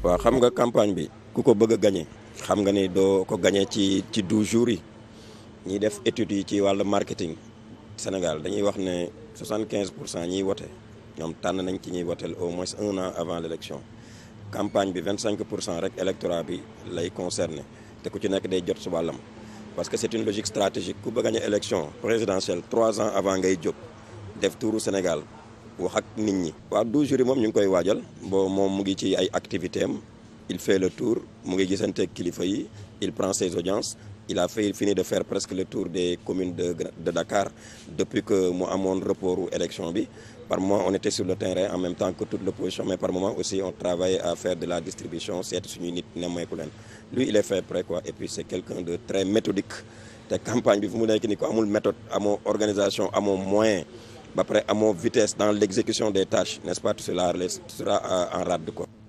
waaw xam nga campagne bi ku ko bëgg a gañe xam nga ni doo ko gañee ci ci douze jours yi ñiy def études yi ci wàllu marketing Sénégal dañuy wax ne soixante quinze pour cent ñiy wote ñoom tànn nañ ci ñuy woteel au moins un an avant l' élection campagne bi vingt cinq pour cent rek électorat bi lay concerné te ku ci nekk day jot su wàllam parce que c' est une logique stratégique ku bëgg a gañe présidentielle trois ans avant ngay jóg def tuuru Sénégal wax ak nit ñi. waaw 12 jours moom ñu ngi koy waajal bo moom mu ngi ci ay activité am il fait le tour mu ngi gisante kilifa yi il prend ses audiences il a fait fini de faire presque le tour des communes de de Dakar depuis que mu amoon reportu élection bi par moment on était sur le terrain en même temps que toute l'opposition mais par moment aussi on travaillait à faire de la distribution seet suñuy nit nemmeeku leen lui il est fait prêt quoi et puis c'est quelqu'un de très bi fu mu nekk ni ko amul méthode amoo organisation amoo moyen ba pare amoo vitesse dans l'exécution des tâches n'est-ce pas tout cela reste sera en rade quoi